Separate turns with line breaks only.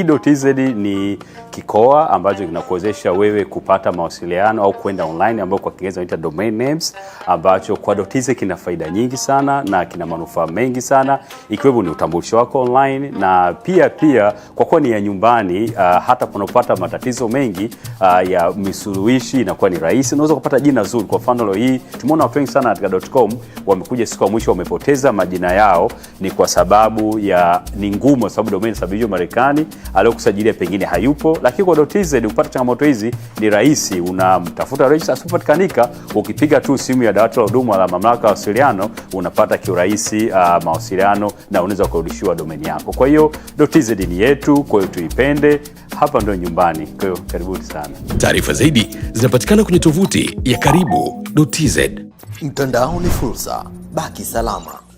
Ido TZ ni kikoa ambacho kinakuwezesha wewe kupata mawasiliano au kwenda online, ambayo kwa Kiingereza inaitwa domain names, ambacho kwa .tz kina faida nyingi sana na kina manufaa mengi sana, ikiwemo ni utambulisho wako online na pia pia kwa kuwa ni ya nyumbani uh, hata kunapata matatizo mengi uh, ya misuluhishi inakuwa ni rahisi. Unaweza kupata jina zuri. Kwa mfano leo hii tumeona watu wengi sana katika .com wamekuja siku ya mwisho wamepoteza majina yao, ni kwa sababu ya ni ngumu, sababu domain sababu hiyo Marekani, aliyokusajilia pengine hayupo lakini kwa kupata changamoto hizi ni rahisi, unamtafuta regista asipopatikanika ukipiga tu simu ya dawati la huduma la mamlaka ya mawasiliano unapata kiurahisi uh, mawasiliano na unaweza kurudishiwa domeni yako. Kwa hiyo .tz ni yetu, kwa hiyo tuipende, hapa ndio nyumbani. Kwa hiyo karibuni sana.
Taarifa zaidi zinapatikana kwenye tovuti ya karibu karibu.tz.
Mtandao ni fursa, baki salama.